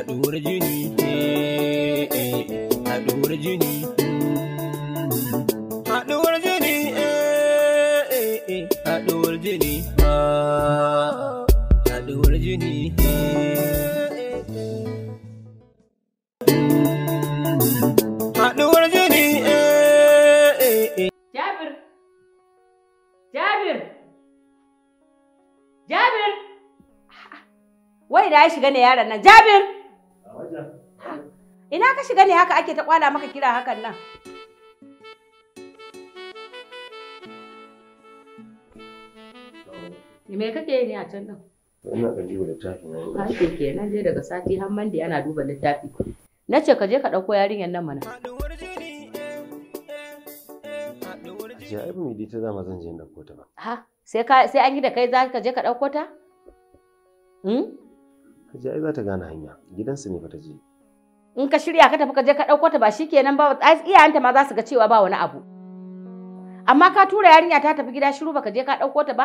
Eh, haɗuwar jini haɗuwar jini eh, eh, haɗuwar jini haɗuwar jini haɗuwar jini haɗuwar jini jabir jabir jabir wai da ya shiga ne yaron nan jabir Ina ka shiga ne haka ake ta kwala maka kira hakan nan? Me kake yi ne a can nan? Ina ɗan duba littafi na yau. Ake ke nan dai daga sati har mandi ana duba littafi. Na ce ka je ka ɗauko yarinyar nan mana. Ce ai mai dai ta dama zan je in ɗauko ta ba. Ha sai ka sai an yi da kai za ka je ka ɗauko ta? Hmm? Hajiya ai za ta gane hanya gidansu ne fa ta je. in ka shirya ka tafi ka je ka ɗauko ta ba shikenan ba iyayenta ma za su ga cewa ba wani abu amma ka tura yarinya ta tafi gida shiru baka je ka ɗauko ta ba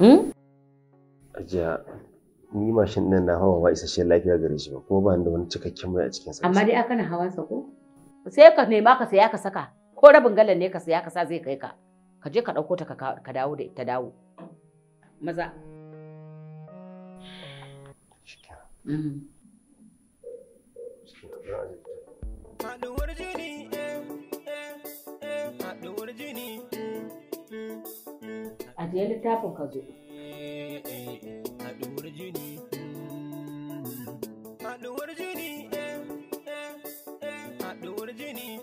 hmm? ajiya ni mashin ɗin na hawa ba isasshen lafiya gare shi ba kuma ba ni da wani cikakken mai a cikin sa amma dai aka na hawan sa ko sai ka nema ka saya ka saka ko rabin galan ne ka saya ka sa zai kai ka ka je ka ɗauko ta ka dawo da ita dawo maza Mm-hmm. Haɗuwar jini, haɗuwar jini. Ajiye littafin ka zo. Haɗuwar jini. Haɗuwar jini, haɗuwar jini.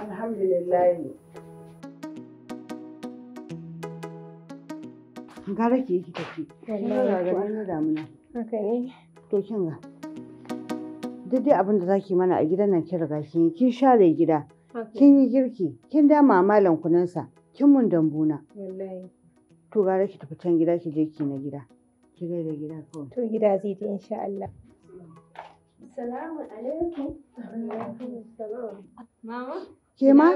Alhamdulillah. Gara ki ki tafi. Wallahi ga na damuna. To kin ga. Duk dai abin da zaki mana a gidan nan kin riga kin kin share gida. Kin yi girki, kin dama malam kunansa, kin mun dambuna. To gara ki tafi can gida ki je ki na gida. Ki ga da gida kawai. To gida zai je insha Allah. Salamu alaikum. Mama. Ke ma?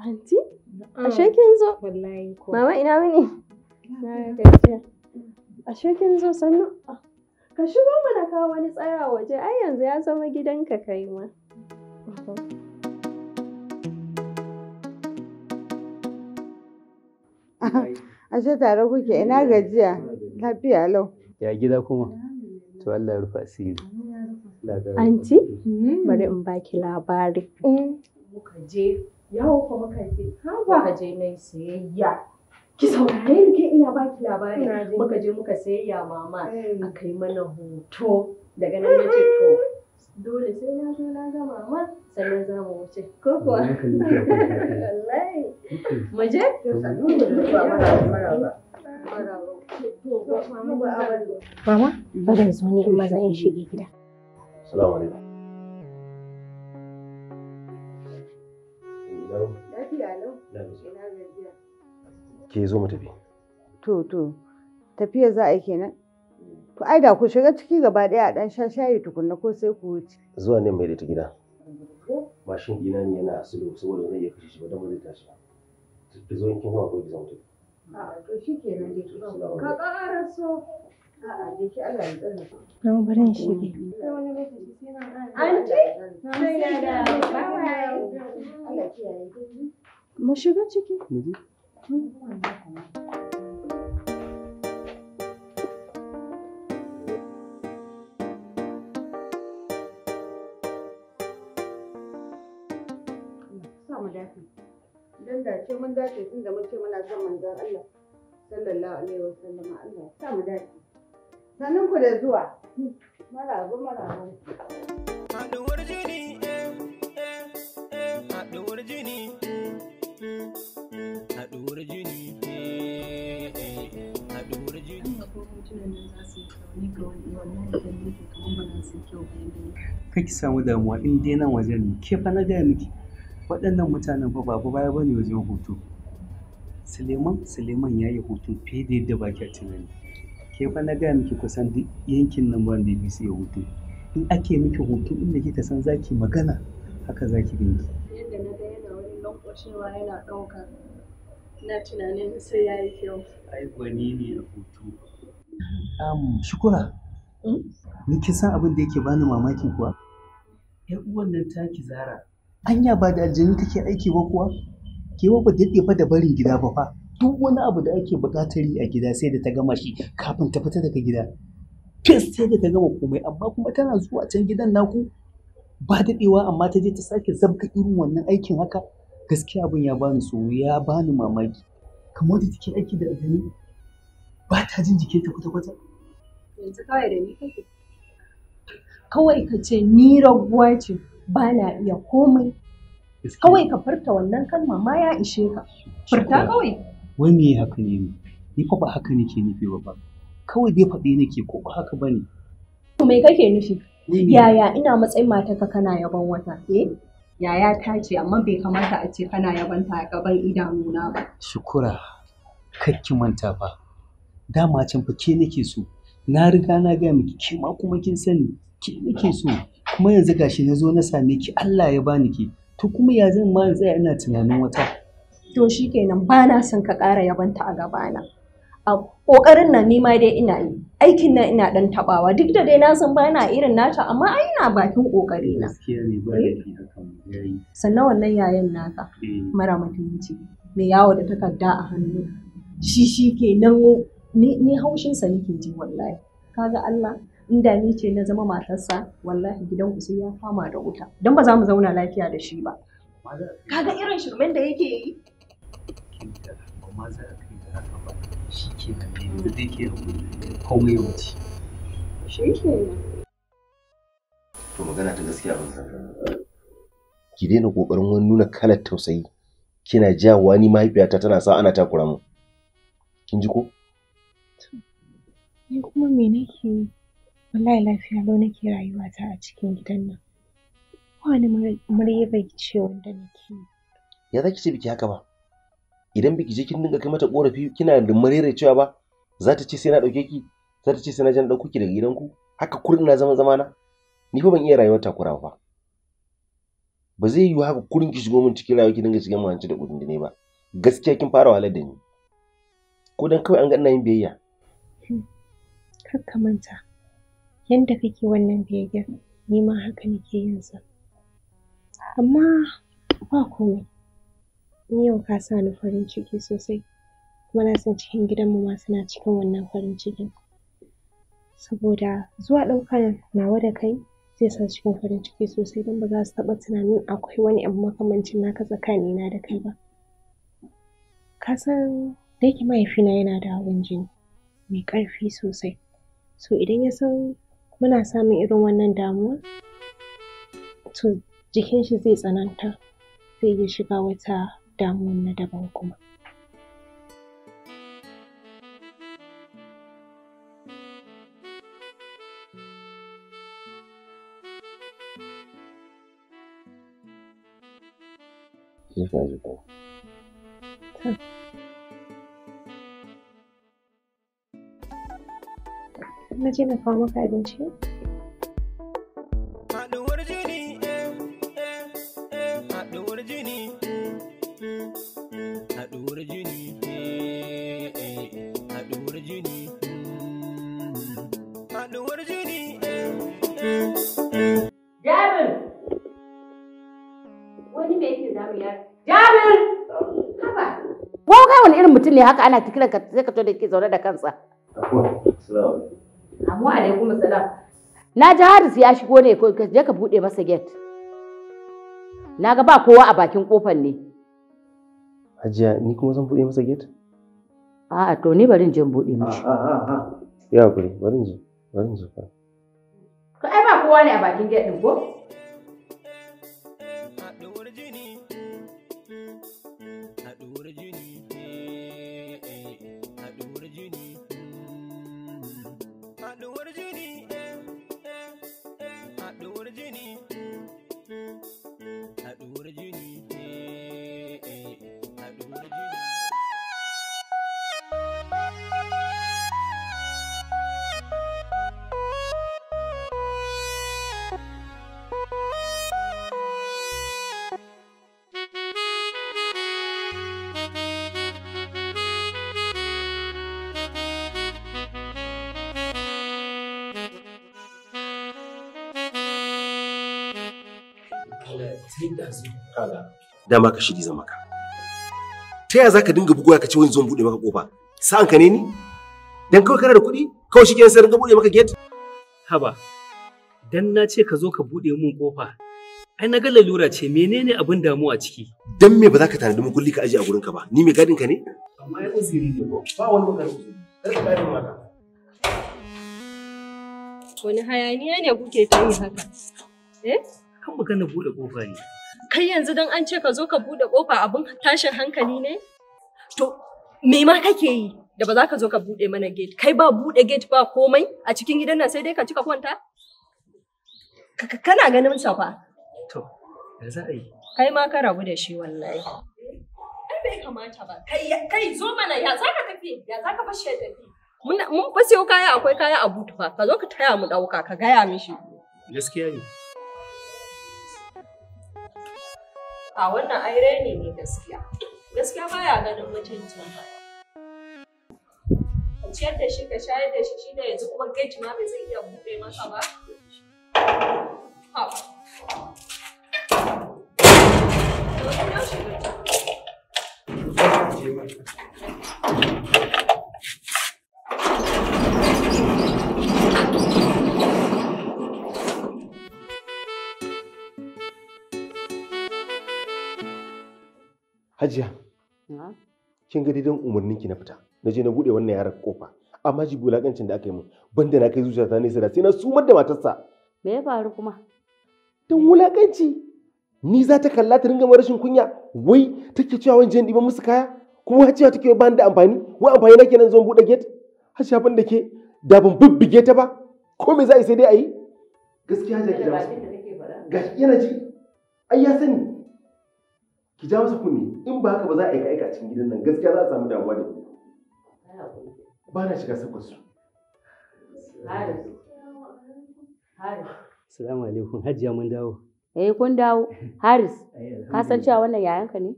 Anti? Oh, Ashe kin zo? Wallahi ko. Mama ina wuni? Na gajiya. Ashe kin zo sannu? Ah, ka shigo mana ka wani tsaya waje ai yanzu ya zama gidanka kai ma. Ashe tare kuke ina gajiya lafiya lau. Ya gida kuma? To Allah ya rufa asiri. Anti, hmm. bari in baki labari. Mm. ka je yawo kuma kan ce haba ka je mai sayayya ki saurare ni ke ina baki labari muka je muka sayayya mama hmm. aka yi mana hoto daga nan ya ce to dole sai na zo na ga mama sannan za mu wuce ko kuwa wallahi mu je Mama, bari zo ne in maza in shige gida. Assalamu alaikum. Ke zo mu tafi. To, to, tafiya za a yi kenan. To, ai da ku shiga ciki gaba ɗaya a ɗan sha shayi tukunna ko sai ku wuce. Zuwa ne mai da gida. Mashin ɗina ne yana asilo saboda zai iya kashe shi ba zai tashi ba. Ki zo in kin ko ki tafi. to dai. Ka ƙara so. Don barin shi shige. Mu shiga ciki. Don da ce mun dace tun da mun ce muna son manzon Allah sallallahu alaihi wasallam Allah ya sa mu dace. Sanin ku da zuwa. Marabu marabu. Eh, eh, eh, haɗuwar jini, haɗuwar jini, haɗuwar jini, haɗuwar jini. Kaki samu damuwa in dai nan wajen ne, ke fa na gaya miki waɗannan mutanen fa babu baya ne wajen hoto. Suleiman Suleiman ya yi hoto fiye da yadda ba kya tunani. ke fa na gaya miki kusan duk yankin nan ban BBC ya hutu in ake miki hutu inda kika san zaki magana haka zaki ganki yadda na ga yana wani lankwashewa yana ɗauka na tunanin sai ya yi kyau ai gwani ne a hutu um, shukura hmm? ni kin san abin da yake bani mamaki kuwa ƴan uwan nan taki zara anya ba da aljanu take aiki ba kuwa ke ba daɗe fa da barin gida ba fa duk wani abu da ake buƙatar yi a gida sai da ta gama shi kafin ta fita daga gida fes sai da ta gama komai amma kuma tana zuwa can gidan naku ba daɗewa amma ta je ta sake zabka irin wannan aikin haka gaskiya abin ya bani so ya bani mamaki kamar da take aiki da aljanu ba ta jin jike ta kwata-kwata yanzu kawai da ni kake kawai ka ce ni raguwa ce ba na iya komai kawai ka furta wannan kalma ma ya ishe ka furta kawai wai me haka ne ni ni fa ba haka nake nufi ba fa kawai dai faɗi nake ko ba haka bane to me kake nufi yaya ina matsayin mata ka kana yaban wata eh yaya ta ce amma bai kamata a ce kana yabanta a gaban idanuna ba shukura kakki manta fa dama can fa ke nake so na riga na ga miki ke ma kuma kin sani ke nake so kuma yanzu gashi na zo na same ki Allah ya bani ki to kuma ya zan ma in tsaya ina tunanin wata to shi kenan ba na son ka ƙara yabanta a gabana a ƙoƙarin nan ni ma dai ina yi aikin nan ina ɗan taɓawa duk da dai na san ba na irin nata amma ai ina bakin ƙoƙari na eh? sannan wannan yayan naka eh. mara mutunci mai yawo da takarda a hannu shi shi kenan ni haushinsa nake ji wallahi kaga Allah inda ni ce na zama matarsa wallahi gidan ku sai ya fama da wuta don ba za mu zauna lafiya da shi ba kaga irin shirmen da yake yi abu za a kai da haka ba shi ke nan da yanzu dai ke haƙuri komai ya wuce. Shi ke To magana ta gaskiya ban san. Ki daina ƙoƙarin wani nuna kalar tausayi kina jawa ni mahaifiyata tana sa ana takura mu. Kin ji ko? Ni kuma me nake wallahi lafiya lau nake rayuwata a cikin gidan nan. Ba wani murya bai ce wanda nake. Ya za ki ce biki haka ba? idan biki je kin dinga kai mata korafi kina da marere cewa ba za ta ce sai na dauke ki za ta ce sai na jan na dauko ki daga gidanku haka kurin na zama zamana ni fa ban iya rayuwar takura ba ba zai yiwu haka kurin ki shigo min cikin rayuwa ki dinga shigan mahanci da kudin ba gaskiya kin fara wahalar da ni ko dan kawai an ga ina yin biyayya hmm. Kaka manta yanda kake wannan biyayya ni ma haka nake yin sa amma ba komai Ni yau ka sa ni farin ciki sosai, kuma na san cikin gidanmu ma suna cikin wannan farin cikin. Saboda zuwa ɗaukar nawa da kai zai sa cikin farin ciki sosai don ba za su taɓa tunanin akwai wani abu makamancin naka tsakanina da kai ba. Ka san da yake mahaifina yana da hawan jini mai ƙarfi sosai, so idan ya san muna samun irin wannan damuwa, to jikin shi zai tsananta, zai iya shiga wata damuwan na daban kuma. Hmm. Na je na kawo maka abinci? ne haka ana ta kiran sai ka to da ke zaune da kansa Amma salam. Na ji Haris ya shigo ne ko ka je ka bude masa gate. Na ga ba kowa a bakin kofar ne. Hajiya ni kuma zan bude masa gate? A'a to ni bari in je bude mishi. Ah, ah, ah, ya kuri bari in je bari in je Ka ai ba kowa ne a bakin gate din ko? kaga dama ka shiri zama ka ta yaya zaka dinga bugowa ka ce wani zon bude maka kofa sa'an ka ne ni dan kawai kana da kuɗi kawai shi kenan sai ka bude maka gate haba dan na ce ka zo ka bude mun kofa ai na ga lalura ce menene abin damuwa ciki dan me ba za ka tanadi mun kulli ka aje a gurin ka ba ni mai gadin ka ne amma ya uziri ne ba wani magana uziri kar ka maka wani hayaniya ne kuke ta yi haka eh kan magana buɗe ƙofa ne. Kai yanzu don an ce ka zo ka buɗe ƙofa abin tashin hankali ne? To, me ma kake yi da ba za ka zo ka buɗe mana gate? Kai ba buɗe gate ba komai a cikin gidan nan sai dai ka ci ka kwanta? Kana ganin sa fa? To, da za a yi. Kai ma ka rabu da shi wallahi. Kai bai kamata ba. Kai zo mana ya za ka tafi? Ya za ka fashe tafi? Mun fasiyo kaya akwai kaya a butu fa. Ka zo ka taya mu ɗauka ka gaya mishi. Gaskiya ne. A wannan aire ne ne gaskiya. Gaskiya baya ganin mutuncin ba. Ciyar da shi ka shayar da shi shi ne yanzu kuma gaji ma bai zai iya buɗe masa ba. hajiya kin ga didan umarnin ki na fita na je na bude wannan yaran kofa amma jibi wulakancin da aka yi min banda na kai zuciyata nesa da sai na sumar da matarsa me ya faru kuma don wulakanci ni za ta kalla ta ringa rashin kunya wai take cewa wani jan ɗiban musu kaya kuma cewa take ba da amfani wai amfani na kenan zan buɗe gate hajiya ban da ke da ban bibbige ta ba ko me za a yi sai dai a yi gaskiya ta ki da masu ga yana ji ai ya sani ki ja masa kunne in ba haka ba za a aika aika cikin gidan nan gaskiya za a samu damuwa da ku ba na shiga sakwas su Assalamu alaikum hajiya mun dawo eh kun dawo Haris ka san cewa wannan yayanka ne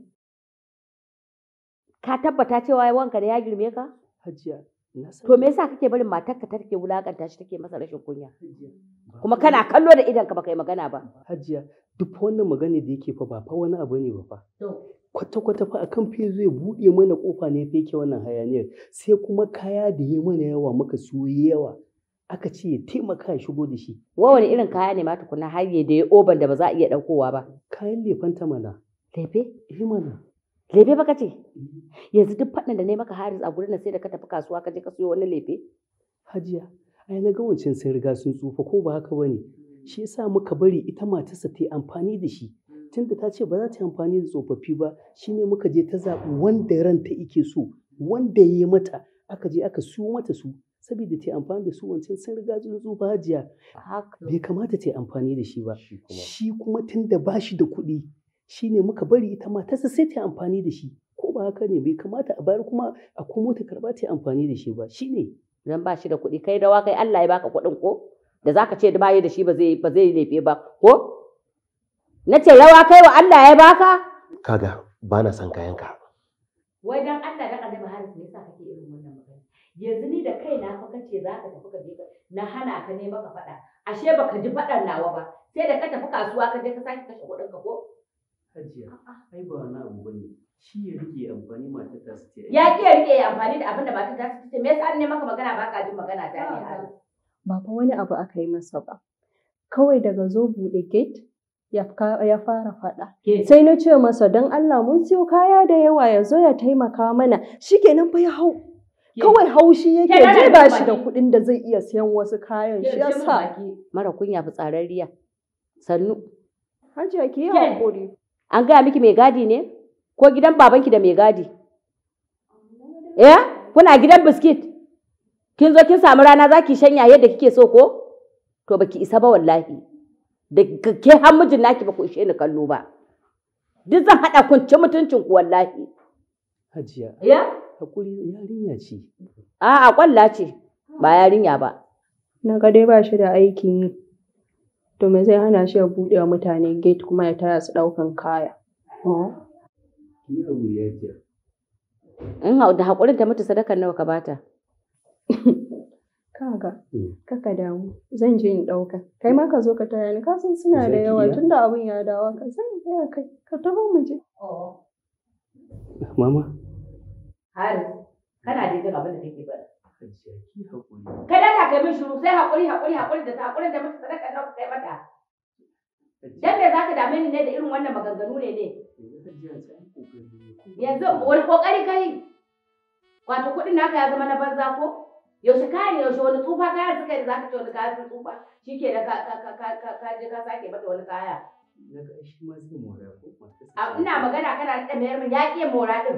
ka tabbata cewa wanka da ya girme ka hajiya To me yasa kake barin matarka ta take wulakanta shi take masa rashin kunya? Kuma kana kallo da idan ka baka yi magana ba. Hajiya, duk wannan magana da yake fa ba fa wani abu ne ba fa kwata-kwata fa akan fe zai buɗe mana kofa ne yake wannan hayaniyar sai kuma kaya da yi mana yawa muka siyo yawa aka ce ya taimaka ya shigo da shi Wa wani irin kaya ne ma tukuna har ya da ya oban da ba za a iya ɗaukowa ba kayan lefanta mana lefe eh mana lefe ba ce? Eh. yanzu duk faɗin da ne maka haris a gurin sai da ka tafi kasuwa ka je ka siyo wani lefe hajiya ai na ga wancan sai riga sun tsufa ko ba haka bane shi yasa muka bari ita matarsa ta yi amfani da shi tunda ta ce ba za ta yi amfani da tsofaffi ba shine muka je ta zaɓi wanda ranta ike so wanda ya yi mata aka je aka su mata su saboda ta yi amfani da su wancan sun riga sun tsufa jiya. bai kamata ta yi amfani da shi ba shi kuma tunda ba shi da kuɗi shine muka bari ita matarsa sai ta yi amfani da shi ko ba haka ne bai kamata a bayar kuma a komo ta karba ta yi amfani da shi ba shine dan ba shi da kuɗi kai dawa kai Allah ya baka kuɗin ko da zaka ce baya da shi ba zai ba zai laife ba ko na ce rawa kai wa Allah ya baka kaga ba na son kayanka wai dan Allah da annabi Haris ne yasa kake irin wannan magana yanzu ni da kai na fa kace za ka tafi ka je na hana ka ne maka faɗa ashe baka ji faɗan nawa ba sai da ka tafi kasuwa ka je ka sake kashe kuɗin ka ko hajiya ai ba wani abu bane shi ya rike amfani matar ta su ce ya ki rike amfani da abin da matar ta su ce me yasa an ne maka magana ba ka ji magana ta ne ba fa wani abu aka yi masa ba kawai daga zo buɗe gate ya fara faɗa. Sai na ce masa don Allah mun siyo kaya da yawa ya zo ya taimaka mana shi kenan fa ya hau. Kawai haushi yake je ba shi da kuɗin da zai iya siyan wasu kayan shi ya sa. Mara kunya fitsararriya. Sannu. Hajiya ki yi haƙuri. An gaya miki mai gadi ne? Ko gidan babanki da mai gadi? Eh? Kuna gidan biskit? kin zo kin samu rana za ki shanya yadda kike so ko to baki isa ba wallahi da ke har mijin naki ba ku ishe ni kallo ba duk zan haɗa kun ci mutuncin ku wallahi hajiya ya hakuri yarinya ce a'a kwalla ce ba yarinya ba na ga dai ba shi da aiki yi to me zai hana shi ya buɗe wa mutane gate kuma ya taya su ɗaukan kaya in da haƙurin ta mutu sadakar nawa ka bata kaga mm. kaka damu zan je in ɗauka kai ma ka zo ka taya ni ka san suna da yawa tunda abin ya dawo. ka zan taya kai ka taho mu je mama hari kana da jin abin da kake ba kai da ka kai min shiru sai hakuri hakuri hakuri da ta hakuri da mata sadaka nan kai mata dan me zaka dame ni ne da irin wannan maganganu ne ne yanzu wani kokari kai wato kuɗin naka ya zama na banza ko yaushe ka yi yaushe wani tsufa kayan suka yi da zaka ce wani kayan sun tsufa shi ke da ka ka ka sake mata wani kaya. Ina magana kana da mayar min ya mora ɗin.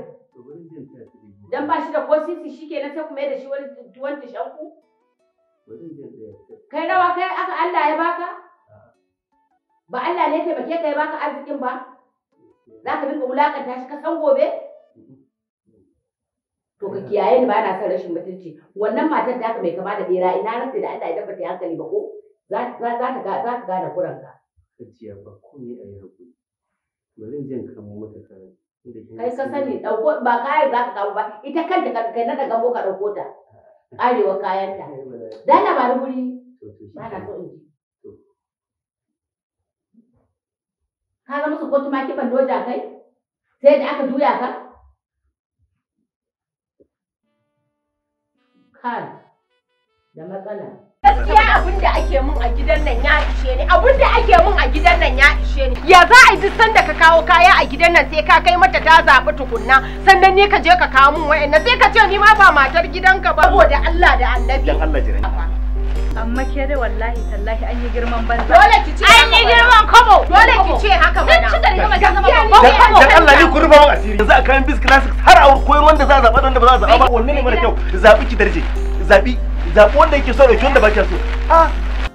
Dan ba shi da ko sisi shi ke na sai kuma da shi wani tuwon shanku? Kai rawa kai aka Allah ya baka? Ba Allah ne taimake ka ya baka arzikin ba? Za ka dinga wulakanta shi ka san gobe? to ka kiyaye ni ba na son rashin mutunci wannan matar da mai kama da bera ina rasa da Allah ya ba ya hankali ba ko za ta gane kuranka. Hajiya ba komai a yi hakuri. zan jin kamo mata kayan. Kai ka sani dauko ba kayan za ka kawo ba ita kanta ka kai na da gabo ka ɗauko ta. Arewa kayan ta. Dan da wuri. Ba na so in ji. Ka ga musu ko tuma kifan doja kai? Sai da aka juya ka? kai da matsala gaskiya abin da ake mun a gidan nan ya ishe ni abin da ake mun a gidan nan ya ishe ni ya za a yi duk sanda ka kawo kaya a gidan nan sai ka kai mata ta zaɓi tukunna sannan ne ka je ka kawo mun wa'annan sai ka ce ni ma ba matar gidanka ba saboda Allah da Annabi dan Allah amma ke dai wallahi tallahi an yi girman banza dole ki ce an yi girman kobo dole ki ce haka mana dan ci da rigama ta zama ba dan Allah ni ku rufa mu asiri yanzu a kayan bis classics har a koyar wanda za a zaba wanda ba za a zaba ba wanne ne mara kyau zabi ki darje zabi zabi wanda yake so da wanda ba kya so ah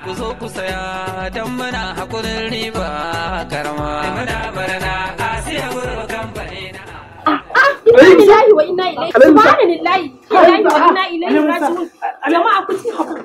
ku zo ku saya don muna hakurin riba karma. Muna barna siya gurbin kamfani na. Alhamdulillahi wa inna ilaihi subhanallahi wa inna ilaihi raji'un. Jama'a ku ci hakuri.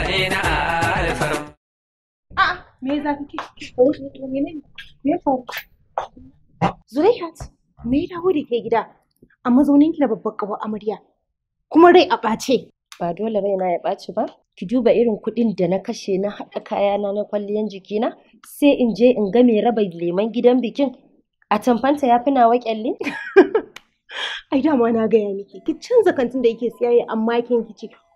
ne na alfar. A me za me Zulaihat, me ya dawo da ke gida a mazauninki da babbar ƙawar amarya kuma rai a bace Ba dole rai na ya ɓaci ba, ki duba irin kuɗin da na kashe na haɗa kayana na kwalliyan jikina sai in je in ga me raba leman gidan bikin a tamfanta ya fi nawa ƙyalli. ai dama na gaya miki ki canza kantin da yake siyaye amma kin kici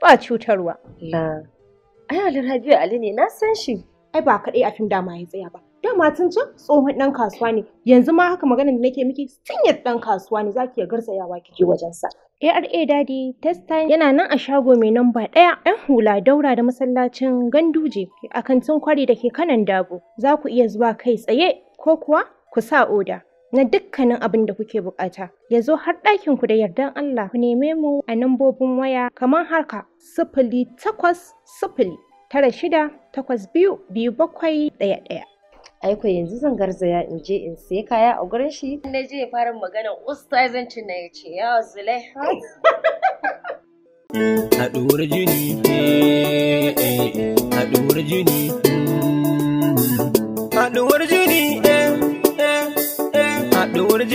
ba cutarwa. La, ai Ali ne na san shi. Ai ba kaɗai a fim dama ya tsaya ba. Dama tun can tsohon ɗan kasuwa ne, yanzu ma haka maganar da nake miki sun ɗan kasuwa ne za ki iya garzayawa kiki wajensa. ARA Daddy test time yana nan a shago mai namba ɗaya ‘yan hula daura da masallacin ganduje a kantin kwari da ke kanan dabo. Za ku iya zuwa kai tsaye ko kuwa ku sa oda. na dukkanin abin da kuke bukata. Ya zo har ɗakin ku da yardan Allah ku neme mu a nambobin waya kamar harka sifili takwas sifili tara shida takwas biyu biyu bakwai ɗaya ɗaya. Aiko yanzu zan garzaya in je in sai kaya a gurin shi. Na je fara magana ustazanci na ya ce yawa zulai. Haɗuwar jini, eh, eh, eh. haɗuwar jini.